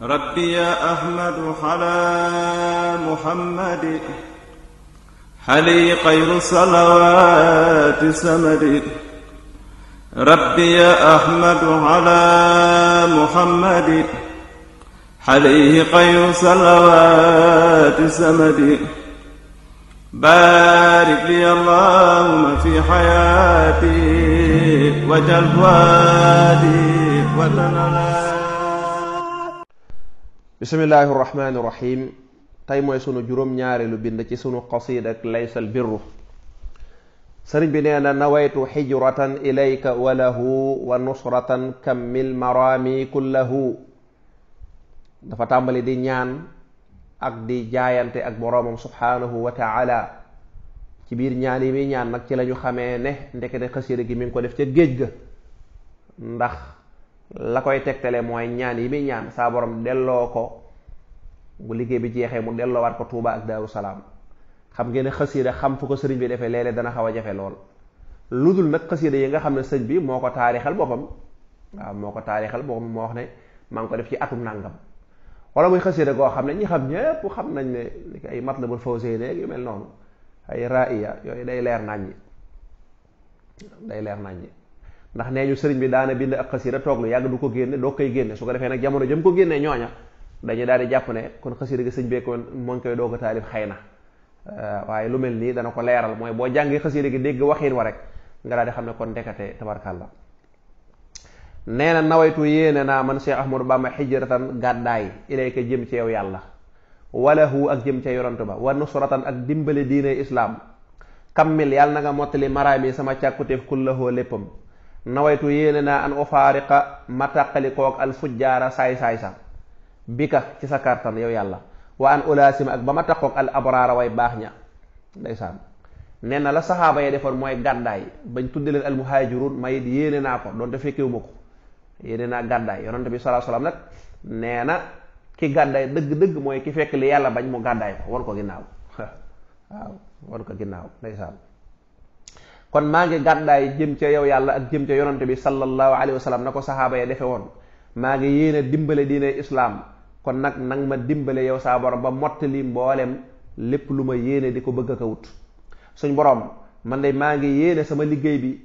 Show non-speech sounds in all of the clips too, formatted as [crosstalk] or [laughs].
ربي أحمد على محمد حلي خير صلوات سمد ربي أحمد على محمد حليه خير صلوات سمد بارك لي اللهم في حياتي وجل وادي وتنالي bismillahi irrahmani irrahim tey mooy sunu juróom-ñaareelu bind ci sunu qasida ak laysal birru sëriñ bi nee na nawaytu xijratan ilayka walahu wa nusratan kammil marami kullahu dafa tàmbali di ñaan ak di jaayante ak boroomam subhanahu wa taala ci biir ñaan yi muy ñaan nag ci la ñu xamee ne ndekete xasida gi mi ngi ko def ca géej ga ndax la koy tegtale mooy ñaan yi muy ñaan saa borom delloo ko bu liggéey bi jeexee mu delloowaat ko Touba ak Daaru Salaam xam ngeen ne xasiida xam fu ko sëriñ bi defee léeg dana xaw a jafe lool lu dul nag xasiida yi nga xam ne sëñ bi moo ko taarixal boppam waaw moo ko taarixal boppam moo wax ne maa ngi ko def ci atum nàngam wala muy xasiida koo xam ne ñi xam ñépp xam nañ ne ay Matlabul Fawzayni yu mel noonu ay raaya yooyu day leer nañ ñi day leer nañ ndax nee ñu sëriñ bi daana bind ak xasida toog lu yàgg du ko génne doo koy génne su ko defee nag jamono jëm ko génnee ñooña dañu daal di jàpp ne kon xasida gi sëñ bee ko moo koy doog a taalif xëy na euh, waaye lu mel nii dana ko leeral mooy boo jàngee xasida gi dégg waxin wa rek nga daal xam ne kon ndekate tabarkàlla nee na nawetu yéene naa man Cheikh Ahmadou Bamba xijratan gàddaay ilayka jëm ci yow yàlla walahu ak jëm ca yorantu ba wa nusratan ak dimbali diine islaam kammil yàlla na nga mottali maraami sama càkkuteef kullahoo léppam nawaytu yéene naa an ufaariqa ma tàqalikook al fujjaara saay-saay sax bi ka ci sa kartan yow yàlla wa an ulaasima ak ba ma taqook al abraara way baax ña ndeysaan nee na la saxaaba ya defoon mooy gàddaay bañ tudde leen al muhaajiruun may yéene naa ko doonte fekkewuma ko yéene naa gàddaay yonante bi salaa salaam nag nee na ki gàddaay dëgg-dëgg mooy ki fekk li yàlla bañ mu gàddaay ko wan ko ginnaaw [laughs] waaw wan ko ginnaaw ndeysaan kon maa ngi gàddaay jëm ca yow yàlla ak jëm ca yonante bi sallallahu alayhi wa sallam na ko saxaaba ya defe woon maa ngi yéene dimbale diine islaam kon nag nang ma dimbale yow saa borom ba mottali mboolem lépp lu ma yéene di ko bëgg a wut suñ borom man de maa ngi yéene sama liggéey bi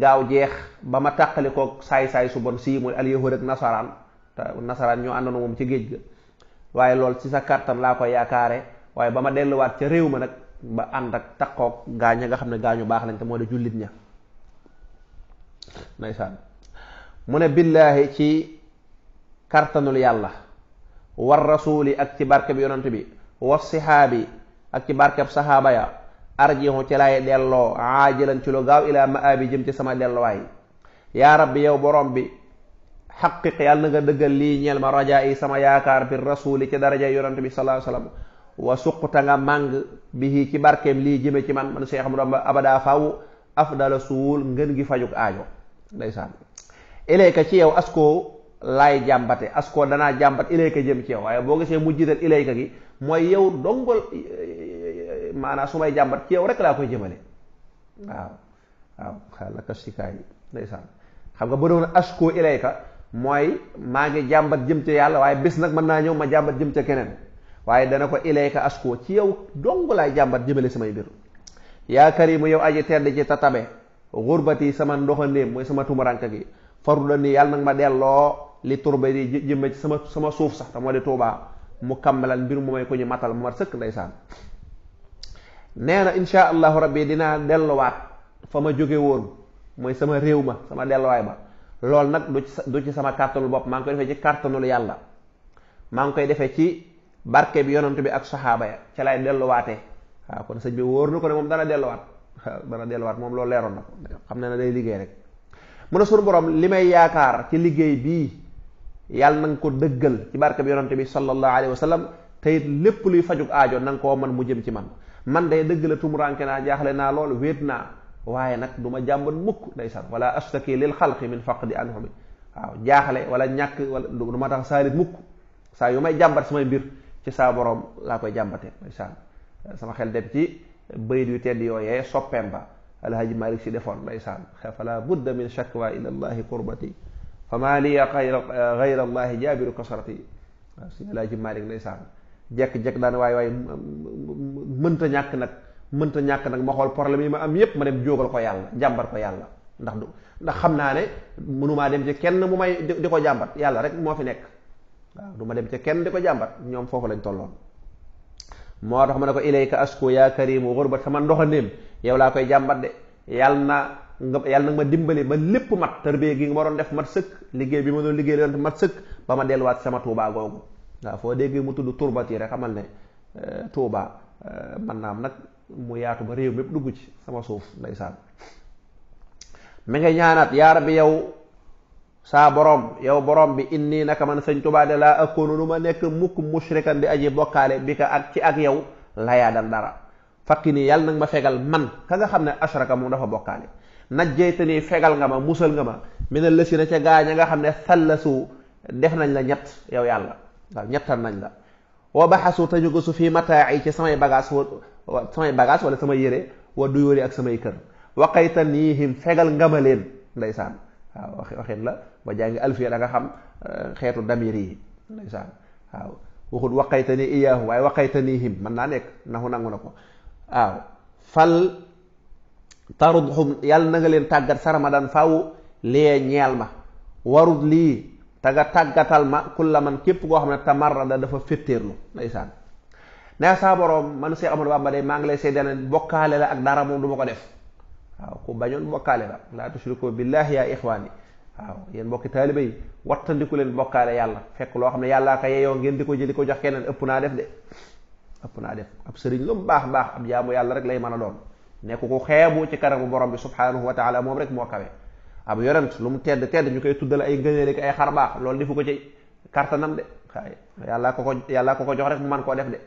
gaaw jeex ba ma tàqali koog saay-saay su bon sii mooy alyahud ak nasaraan te nasaraan ñoo àndoon moom ci géej ga waaye loolu ci sa kàttan laa ko yaakaare waaye ba ma delluwaat ca réew ma nag ba ànd ak takkoog gaaña nga xam ne gaañu baax lañ te moo di jullit ña mu ne billaahi ci kartanul yàlla war rasuuli ak ci barkeb yonent bi wa sihaabi ak ci barkeb sahaaba ya arjihu ci lay delloo aajilan ci lu gaaw ilaa ma maabi jëm ci sama delluwaay yaa rabbi yow boroom bi xaqiq yàlla na nga dëggal lii ñeel ma rajaa yi sama yaakaar bi rasuuli ci daraja yonent bi sallallahu alayhi wa suqta nga màng bi ci barkeem lii jëme ci man man Cheikh Ahmadou Bamba abada faw afdala suwul ngën gi fajuk aajo ndeysaan ilayka ci yow asko laay jàmbate asko danaa jàmbat ilayka jëm ci waaye boo gisee mu jiital ilayka gi mooy yow dongal maanaam su jàmbat ci yow rek laa koy jëmale waaw waaw xaalaka sikaay ndeysaan xam nga ba doon asko ilayka mooy maa ngi jàmbat jëm ca yàlla waaye bis nag mën naa ñëw ma jàmbat jëm ca keneen waaye dana ko ilayka askoo ci yow dong laay jàmbat jëmale samay mbir yi mu yow aji tedd ci tatabe yi sama ndoxandéem mooy sama tumurank gi faruda nii yàlla nag ma delloo li turba di jëmme ci sama sama suuf sax te moo di tuubaa mu kammalal mbir mu may ko ñu matal mu ma sëkk ndeysaan nee na insha allahu rabbi dinaa delluwaat fa ma jóge woon mooy sama réew ma sama delluwaay ba loolu nag du ci du ci sama kàttanul bopp maa ngi koy defee ci kàttanul barke bi yonent bi ak saxaaba ya ca lay delluwaatee waaw kon sëñ bi wóor na ko ne moom dana delluwaat dana delluwaat moom loolu leeroon na ko xam ne na day liggéey rek mu ne sunu borom li may yaakaar ci liggéey bii yàlla na ko dëggal ci barke bi yonent bi sallallahu alayhi wa sallam lépp luy fajug aajo na nga koo mu jëm ci man man day dëgg tumuranke naa jaaxle naa lool wéet naa waaye nag du jàmbat mukk ndeysaan wala astaki lil xalqi min faqdi anhumi waaw jaaxle wala ñàkk wala du ma tax saalit mukk saa yu may jàmbat samay mbir ci saa borom laa koy jàmbate ndeysaan sama xel dem ci bayit yu tedd yooyee soppeem ba alhaji malik si defoon ndeysaan fala budda min shakwa ila allahi qurbati fa maa liya gayra allahi jaabiru kasrati waaw si alhaji malik ndeysaan jekk-jekk daan waaye waaye mënta ñàkk nag mënta ñàkk nag ma xool problème yi ma am yépp ma dem jógal ko yàlla jàmbar ko yàlla ndax du ndax xam naa ne mënumaa dem ci kenn mu may di ko jàmbat yàlla rek moo fi nekk waaw du ma dem ca kenn di ko jàmbat ñoom foofu lañ tolloon moo tax ma ne ko ilayka asku yaa karimu xurbat sama ndoxandéem yow laa koy jàmbat de yàlla na nga yàlla nag ma dimbali ba lépp mat tarbiyee gi nga waroon def mat sëkk liggéey bi ma doon liggéey la mat sëkk ba ma delluwaat sama tuubaa googu waaw foo déggee mu tudd turbat yi rek xamal ne eh, tuubaa eh, man am nag mu yaatu ba réew mépp dugg ci sama suuf ndeysaan mi nga ñaanaat yaa rabbi yow saa borom yow borom bi inni naka man sañ Tuubaa de laa akkoonu lu ma nekk mukk mushrikan di aji bokkaale bi ka ak ci ak yow layaa dan dara fakki nii yàlla nag ma fegal man ka nga xam ne ashraka moom dafa bokkaale najjeyte nii fegal nga ma musal nga ma mi ne lësi na ca gaañ a nga xam ne sallasu def nañ la ñett yow yàlla waaw ñettal nañ la wa baxasu te ñu gësu fii mataayi ci samay bagage wa samay bagage wala samay yére wa duyóori ak samay kër waqaytan yihim fegal nga ma leen ndeysaan waaw wax waxit la ba jàngi alfiya da nga xam euh, xeetu damir yi ndeysaan waaw waxut waqaytani iyaahu waaye waqaytanihim mën naa nekk naxu nangu na ko waaw fal tarudhum yàlla na leen tàggat saramadan faaw lee ñeel ma warut lii te nga tàggatal ma kulla man képp koo xam ne tamarrada dafa féttéerlu ndeysaan ne saa boroom man Seex Ahmadu Bamba day maa ngi lay seedeel bokkaale la ak dara moom du ma ko def waaw ku bañoon mbokkaale la laa tushriku billahi yaa ixwaan yi waaw yéen mbokki taaliba yi wattandiku leen mbokkaale yàlla fekk loo xam ne yàllaa ko yeyoo ngeen di ko jëli ko jox keneen ëpp naa def de ëpp naa ab sëriñ lu mu baax baax ab jaamu yàlla rek lay mën a doon nekk ku xeebu ci kanamu borom bi subhanahu wa taala moom rek moo kawe ab yonent lu mu tedd tedd ñu koy tuddal ay ngëneeli ay xar baax loolu defu ko ci kartanam de yàllaa ko ko yàllaa ko ko jox rek mu man koo def de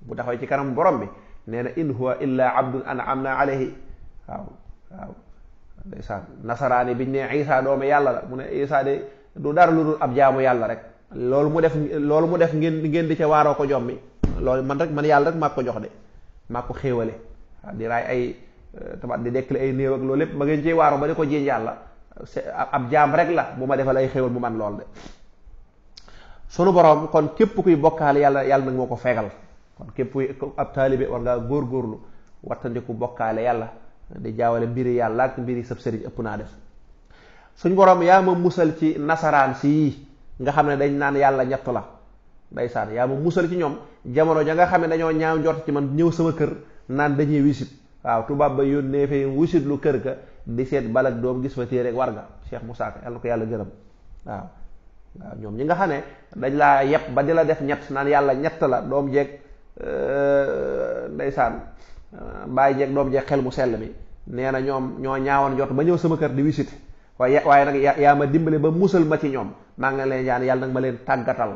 bu taxawee ci kanam borom bi nee na in huwa illa am an'amna alayhi waaw waaw ndeysaan nasaraani biñ ne Isa doomu yàlla la mu ne Isa de du dara lu dul ab jaamu yàlla rek loolu mu def loolu mu def ngeen ngeen di ca waaroo ko jommi loolu man rek man yàlla rek maa ko jox de maa ko xéewale waaw di raay ay euh, tabat di dekkle ay néew ak loolu lépp ma ngeen ciy waaroo ba di ko jiiñ yàlla ab jaam rek la bu ma defal ay xéewal mu man lool de sunu borom kon képp kuy bokkaal yàlla yàlla nag moo ko fegal kon képp kuy ab taalibe war ngaa góorgóorlu wattandiku bokkaale yàlla di jaawale mbiri yàlla ak mbiri sab sëriñ ëpp naa def suñ borom yaa ma musal ci nasaraan si nga xam ne dañ naan yàlla ñett la ndeysaan yaa ma musal ci ñoom jamono ja nga xam ne dañoo ñaaw njort ci man ñëw sama kër naan dañuy wisit waaw tubaab ba yónnee lu kër ga di seet balak doom gis fa téere war nga Cheikh Moussa Ka yàlla ko yàlla gërëm ñoom ñi nga xam ne dañ laa yepp ba di def ñett naan yàlla ñett la doom jeeg euh, ndeysaan Euh, bàyyi jeeg doom jeeg xel mu sell mi nee na ñoom ñoo ñaawoon jot ba ñëw sama kër di visite waaye waaye nag yaa ma dimbale ba musal ma ci ñoom maa nga leen yaan yàlla ma leen tàggatal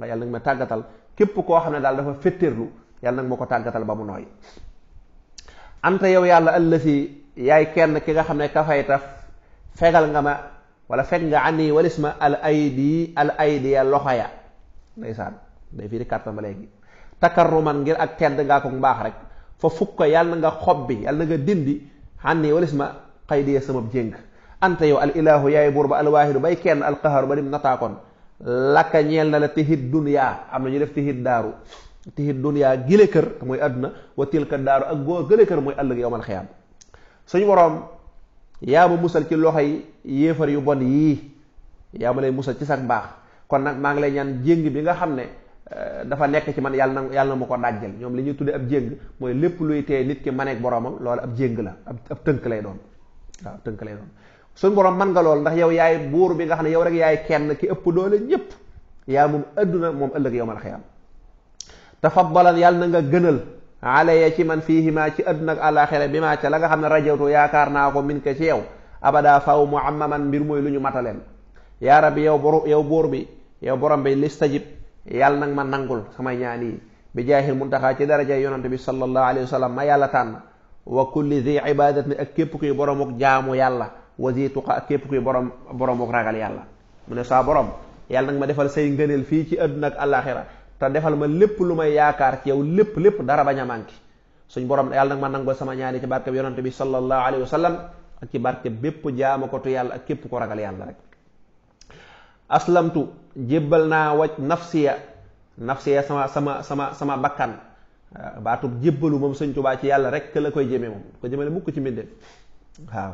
yàlla ma tàggatal képp koo xam ne daal dafa féttéerlu yàlla nag ma ko tàggatal ba mu nooy anta yow yàlla allasi yaay kenn ki nga xam ne kafayta fegal nga ma wala fekk nga ani walis ma al aydi al aydiya loxo ya ndeysaan day fii di kàttan ba léegi takarruman ngir ak tedd ngaa ko baax rek fa fukk yàlla nga bi yàlla nga dindi xànni walis ma xay diya sama jéng anta yow al ilahu yaay buur ba alwaahidu bay kenn al alqaharu ba dim nataakoon lakka ñeel na la tihid dunya am na ñu def tihid daaru tihid dunya gile kër mooy àdduna wa tilka daaru ak goo gële kër mooy ëllëg yowmal xiyaam suñu boroom yaa ma musal ci loxo yi yéefar yu bon yii yaa ma lay musal ci sax mbaax kon nag maa ngi lay ñaan jéng bi nga xam ne Euh, dafa nekk ci man yàlla na yàlla na ma ko dajjal ñoom li ñuy tuddee ab jéng mooy lépp luy tee nit ki maneeg boromam loolu ab jéng la ab tënk lay doon waaw tënk lay doon suñ borom man nga lool ndax yow yaay buur bi nga xam ne yow rek yaay kenn ki ëpp doole ñépp yaa moom adduna moom ëllëg yow mal xiyam tafaddalan yàlla na nga gënal alaya ci man fiihima ci adduna ak àlaxira la nga xam ne rajawtu yaakaar naa ko min ko ci yow abada faw muammaman mbir mooy lu ñu mataleen yaa rabbi yow bor yow buur bi yow borom bi listajib yàlla nag ma nangul samay ñaan yi bi mun muntaxaa ci daraja yonante bi sallallahu alayhi wa ma yàlla tànn wa kulli zi ibadatin ak képp kuy boromuk jaamu yàlla wa zi tuqa ak képp kuy borom boromuk ragal yàlla mu ne saa borom yàlla nag ma defal say ngëneel fii ci àdduna ak àllaaxira te defal ma lépp lu may yaakaar yow lépp lépp dara bañ a manqué suñ borom yàlla nag ma nangul sama ñaani ci barke bi yonante bi sallallahu alayhi wa sallam ak ci barke bépp jaamu ko tu yàlla ak képp ko ragal yàlla rek aslamtu jébbal naa waj nafsiya nafsiya sama sama sama sama bakkan baatub jébbalu moom sëñ Tubaa ci yàlla rek la koy jëmee moom ko jëmale mukk ci mbindee waaw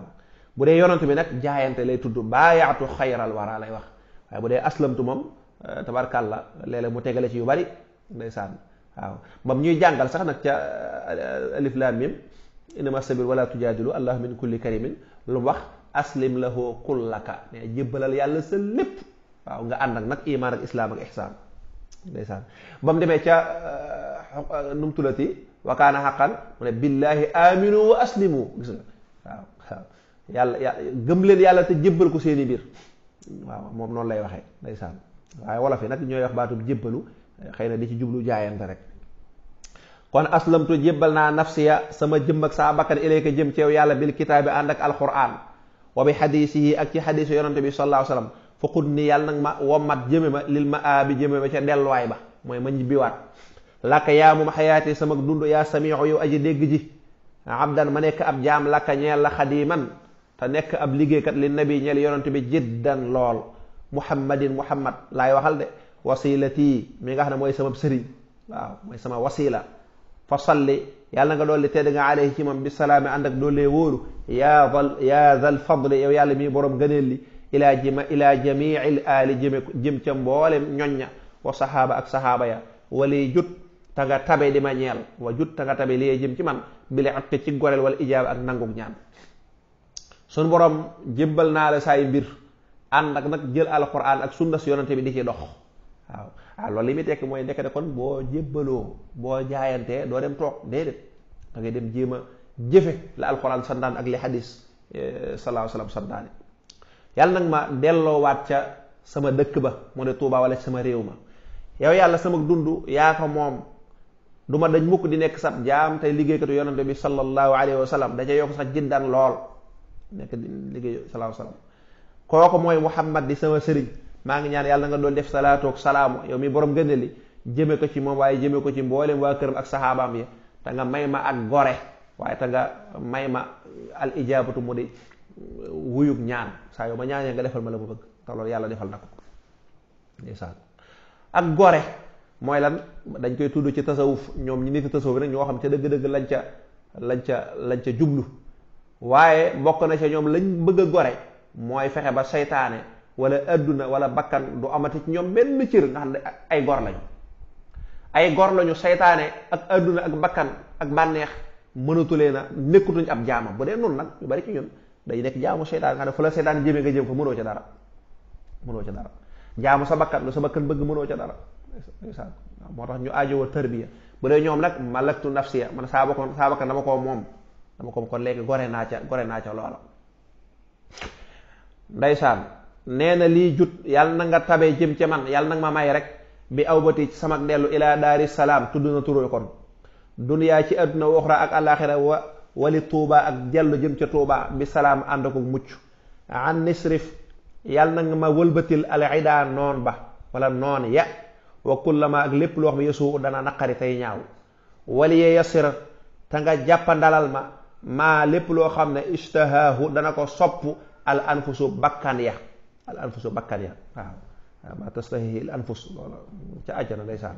bu dee yonantu bi nag jaayante lay tudd baayaatu xayral wara lay wax waaye bu dee aslamtu moom eh, tabarkàlla léeg-léeg mu tegale ci yu bari ndeysaan waaw moom ñuy jàngal sax nag ca eh, alif laam mim innama sabiru wala tujaadilu allah min kulli karimin lu wax aslim lahu kullaka ne jébbalal waaw nga ànd ak nag iman ak islaam ak ihsaan ba mu demee ca euh, num tulati wa kaana xaqan mu ne billaahi aminu wa aslimu gis nga waaw yàlla yàlla gëm leen yàlla te jébbal ko seeni mbir waaw moom noonu lay waxee ndeysaan waaye wolof yi nag ñooy wax baatub jébbalu xëy na di ci jublu jaayante rek kon aslamtu jébbal naa nafsiya sama jëm ak saa bakkan ilayka jëm ci yàlla bil kitaabi ànd ak alquran wa bi xadiisi yi ak ci xadiisu yonante bi sallallahu faqut ni yàlla nag ma womat jëme ma lil ma aabi jëme ma ca delluwaay ba mooy ma ñibbiwaat làkk yaa moom xayaati sama dund yaa samiixu yow aji dégg ji abdan ma nekk ab jaam làkk ñeel la xadiman te nekk ab liggéeykat li nabi ñeel yonent bi jiddan lool muhammadin muhammad laay waxal de wasilati mi nga xam ne mooy sama sëriñ waaw mooy sama wasila fa salli yàlla nga dolli tedd nga alayhi ci moom bisalaami ànd ak doolee wóolu yaa zal yaa zal fadli yow yàlla mii boroom gëneel li ilaa jima ilaa jamiil aali jëme jëm ca mboolem ñoñña wa saxaaba ak saxaaba ya wali jut ta nga tabe di ma ñeel wa jut ta tabe li jëm ci man bile ak ci goreel wala ijaaba ak nangug ñaan suñu borom jébbal naa la saay mbir ànd ak nag jël alquran ak sunna si yonante bi di ci dox waaw ah loolu li muy tekk mooy nekk de kon boo jébbaloo boo jaayantee doo dem toog déedéet da ngay dem jéem a jëfe la alquran sandaan yàlla nag ma waat ca sama dëkk ba mu ne Touba wala sama réew ma yow yàlla sama dund yaa ko moom du ma dañ mukk di nekk sab jaam tey liggéeykatu yonante bi sallallahu alayhi wa sallam da ca yokk sax jiddan lool nekk liggéey sallallahu salaam kooku mooy Muhammad di sama sëriñ maa ngi ñaan yàlla nga doon def salaatu ak salaamu yow mi boroom gëne li jëme ko ci moom waaye jëme ko ci mboolem waa kër ak saxaabaam yi te nga may ma ak gore waaye te nga may ma al ijaabatu mu di wuyub ñaan saa yow ma ñaanee nga defal ma la ma bëgg te yàlla defal na ko ak gore mooy lan dañ koy tudd ci tasawuf ñoom ñi niti tasawuf nag ñoo xam ca dëgg-dëgg lañ ca lañ ca lañ ca jublu waaye bokk na ca ñoom lañ bëgg a gore mooy fexe ba seytaane wala àdduna wala bakkan du amati ci ñoom benn cër nga xam ne ay gor lañu ay gor lañu seytaane ak adduna ak bakkan ak bànneex mënatulee na nekkatuñ ab jaama bu dee noonu nag ñu bari ci ñun day nekk jaamu seytaan nga ne fu la seytaan jëmee nga jëm ko mënoo ca dara mënoo ca dara jaamu sa bakkan lu sa bëgg mënoo ca dara ndeysaan moo tax ñu aajowoo tarbiya bu dee ñoom saa saa bakkan dama moom dama ko kon léegi gore naa ca gore naa nee na lii jut yàlla na nga tabee jëm ca man yàlla na nga ma may rek bi aw bati ci samak dellu ilaa daari salaam tudd na turo kon duniyaa ci àdduna waxra ak àllaaxira wa wali tuubaa ak dellu jëm ca tuubaa bi salaam ànd ko mucc an nisrif yàlla na nga ma wëlbatil al ida noon ba wala noon ya wa kullama ak lépp loo xam ne dana naqari ñaaw wali ya yasir nga jàppandalal ma lépp loo xam ne dana ko sopp al anfusu bakkan ya al anfusu bakkan ya waaw ma tastahihi al anfus loola ca àjjana ndeysaan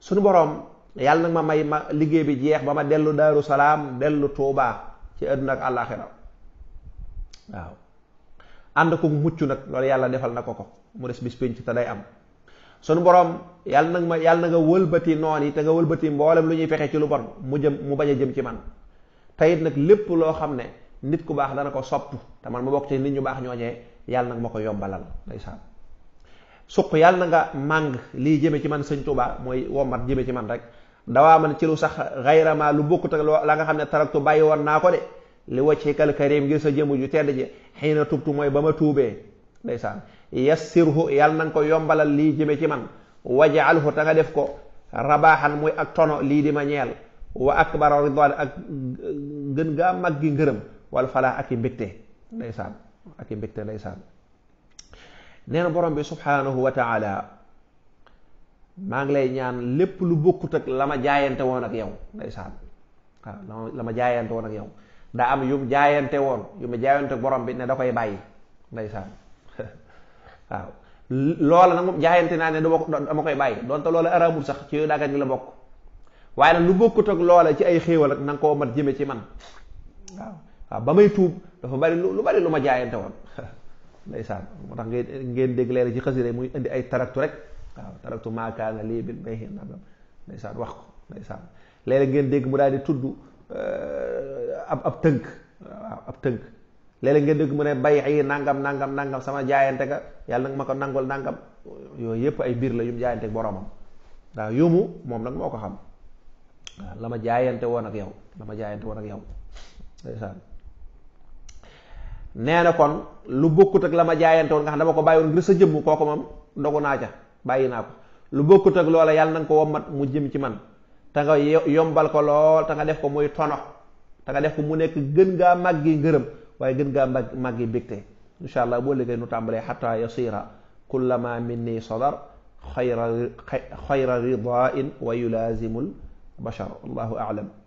suñu boroom yàlla nag ma may ma liggéey bi jeex ba ma dellu daaru salaam dellu tuubaa ci àdduna ak àllaaxira waaw ànd ko mucc nag loolu yàlla defal na ko ko mu des bis pénc te day am sunu borom yàlla nag ma yàlla na nga wëlbati noon yi te nga wëlbati mboolem lu ñuy fexe ci lu bon mu jëm mu bañ a jëm ci man teyit nag lépp loo xam ne nit ku baax dana ko sopp te man ma bokk ci nit ñu baax ñooñee yàlla nag ma ko yombalal ndeysaan suq yàlla na nga màng lii jëme ci man sëñ Tuubaa mooy womat jëme ci man rek dawaaman ci lu sax xayrama lu bokkut ak la nga xam ne taraktu bàyyi woon naa ko de li wajhikal karim ngir sa jëmm ju tedd ji xëy na tubtu mooy ba ma tuubee ndeysaan yassirhu yàlla na nga ko yombalal lii jëme ci man wajaalhu ta nga def ko rabaaxan muy ak tono lii di ma ñeel wa akbara ridwaan ak gën gaa mag gi ngërëm wal falaa ak i mbégte ndeysaan ak i mbégte ndeysaan nee borom bi subhanahu wa taala maa ngi lay ñaan lépp lu bokkut ak la ma jaayante woon ak yow ndeysaan waaw la ma jaayante woon ak yow daa am yum jaayante woon yu ma jaayante borom bi ne da koy bàyyi ndeysaan [laughs] waaw loola nag moom jaayante naa ne du ma dama koy bàyyi donte loola araamul sax ci yooyu daggan gi la bokk waaye nag lu bokkut ak loola ci ay xéewal ak na koo mat jëme ci man waaw waaw ba may tuub dafa bari lu bari lu ma jaayante woon [laughs] ndeysaan moo tax ngeen ngeen dégg ci xasida muy indi ay taraktu rek waaw taraktu maa kaana lii bil bayhi nangam ndeysaan wax ko ndeysaan léeg-léeg ngeen dégg mu daal di tudd euh, ab ab tënk waaw ab tënk léeg ngeen dégg mu ne bay ay nangam nangam nangam sama jaayante ga yàlla nga ma ko nangol nangam yooyu yëpp ay biir la yu mu jaayante boromam waaw yumu moom nag moo ko xam la ma jaayante woon ak yow la ma jaayante woon nee na kon lu bokkut ak la ma jaayante woon nga xam dama ko bàyyi woon ngir sa jëmm kooku moom dogu naa bàyyi naa ko lu bokkut ak loola yàlla na ko ko wommat mu jëm ci man te nga yombal ko lool te nga def ko muy tono te nga def ko mu nekk gën gaa ngaa gi ngërëm waaye gën ngaa màgg màggi bégte insha allah boo liggéey nu tàmbalee xata yasira kullama minni sadar xayra xayra ridain wa yulaazimul bashar allahu aalam